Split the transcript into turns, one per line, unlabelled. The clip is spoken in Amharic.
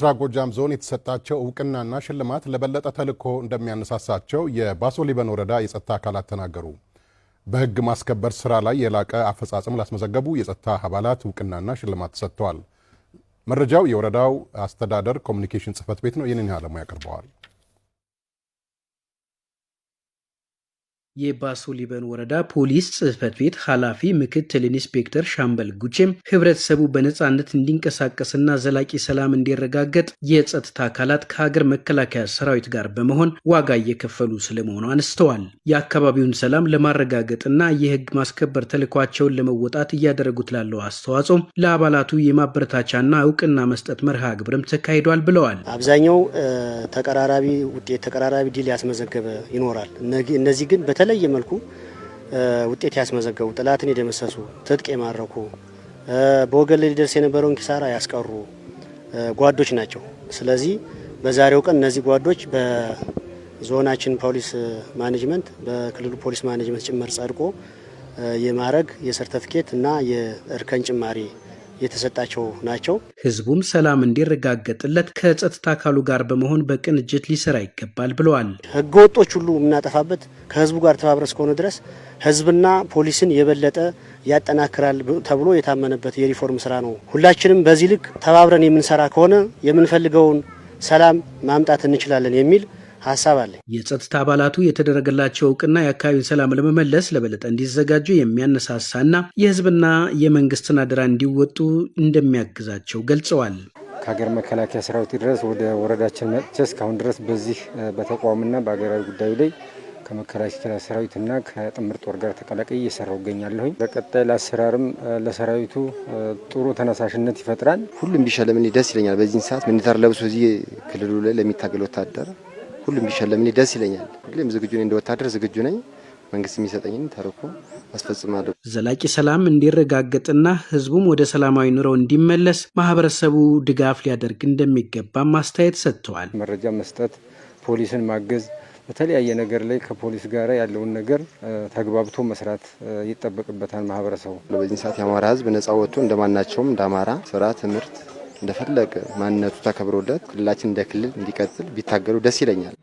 በምስራቅ ጎጃም ዞን የተሰጣቸው እውቅናና ሽልማት ለበለጠ ተልዕኮ እንደሚያነሳሳቸው የባሶ ሊበን ወረዳ የጸጥታ አካላት ተናገሩ። በሕግ ማስከበር ስራ ላይ የላቀ አፈጻጽም ላስመዘገቡ የጸጥታ አባላት እውቅናና ሽልማት ተሰጥተዋል። መረጃው የወረዳው አስተዳደር ኮሚኒኬሽን ጽሕፈት ቤት ነው። ይህንን ያለሙ ያቀርበዋል።
የባሶ ሊበን ወረዳ ፖሊስ ጽህፈት ቤት ኃላፊ ምክትል ኢንስፔክተር ሻምበል ጉቼም ህብረተሰቡ በነፃነት እንዲንቀሳቀስና ዘላቂ ሰላም እንዲረጋገጥ የጸጥታ አካላት ከሀገር መከላከያ ሰራዊት ጋር በመሆን ዋጋ እየከፈሉ ስለመሆኑ አነስተዋል። የአካባቢውን ሰላም ለማረጋገጥና የህግ ማስከበር ተልኳቸውን ለመወጣት እያደረጉት ላለው አስተዋጽኦ ለአባላቱ የማበረታቻና እውቅና መስጠት መርሃ ግብርም ተካሂዷል ብለዋል።
አብዛኛው ተቀራራቢ ውጤት ተቀራራቢ ድል ያስመዘገበ ይኖራል። እነዚህ ግን በተለየ መልኩ ውጤት ያስመዘገቡ፣ ጥላትን የደመሰሱ፣ ትጥቅ የማረኩ፣ በወገን ላይ ሊደርስ የነበረውን ኪሳራ ያስቀሩ ጓዶች ናቸው። ስለዚህ በዛሬው ቀን እነዚህ ጓዶች በዞናችን ፖሊስ ማኔጅመንት በክልሉ ፖሊስ ማኔጅመንት ጭምር ጸድቆ የማረግ የሰርተፍኬት እና የእርከን ጭማሪ የተሰጣቸው ናቸው።
ህዝቡም ሰላም እንዲረጋገጥለት ከጸጥታ አካሉ ጋር በመሆን በቅንጅት ሊሰራ ይገባል ብለዋል።
ህገ ወጦች ሁሉ የምናጠፋበት ከህዝቡ ጋር ተባብረ እስከሆነ ድረስ ህዝብና ፖሊስን የበለጠ ያጠናክራል ተብሎ የታመነበት የሪፎርም ስራ ነው። ሁላችንም በዚህ ልክ ተባብረን የምንሰራ ከሆነ የምንፈልገውን ሰላም ማምጣት እንችላለን የሚል ሀሳብ አለ።
የጸጥታ አባላቱ የተደረገላቸው እውቅና የአካባቢን ሰላም ለመመለስ ለበለጠ እንዲዘጋጁ የሚያነሳሳና የህዝብና የመንግስትን አደራ እንዲወጡ እንደሚያግዛቸው ገልጸዋል።
ከሀገር መከላከያ ሰራዊት ድረስ ወደ ወረዳችን መጥቼ እስካሁን ድረስ በዚህ በተቋምና በሀገራዊ ጉዳዩ ላይ ከመከላከያ ሰራዊትና ከጥምር ጦር ጋር ተቀላቀይ እየሰራው እገኛለሁኝ። በቀጣይ ለአሰራርም ለሰራዊቱ ጥሩ ተነሳሽነት ይፈጥራል።
ሁሉም ቢሸለምን ደስ ይለኛል። በዚህን ሰዓት ምንታር ለብሶ እዚህ ክልሉ ላይ ለሚታገል ወታደር ሁሉም ቢሸለም እኔ ደስ ይለኛል። ሁሌም ዝግጁ ነኝ፣ እንደ ወታደር ዝግጁ ነኝ። መንግስት የሚሰጠኝን ተርኮ
አስፈጽማለሁ። ዘላቂ ሰላም እንዲረጋገጥና ህዝቡም ወደ ሰላማዊ ኑረው እንዲመለስ ማህበረሰቡ ድጋፍ ሊያደርግ እንደሚገባ ማስተያየት ሰጥተዋል።
መረጃ መስጠት፣ ፖሊስን ማገዝ፣ በተለያየ ነገር ላይ ከፖሊስ ጋር ያለውን ነገር ተግባብቶ መስራት ይጠበቅበታል ማህበረሰቡ።
በዚህ ሰዓት የአማራ ህዝብ ነጻ ወጥቶ እንደማናቸውም እንደ አማራ ስራ፣ ትምህርት እንደፈለገ ማንነቱ ተከብሮለት ክልላችን እንደ ክልል እንዲቀጥል ቢታገሉ ደስ ይለኛል።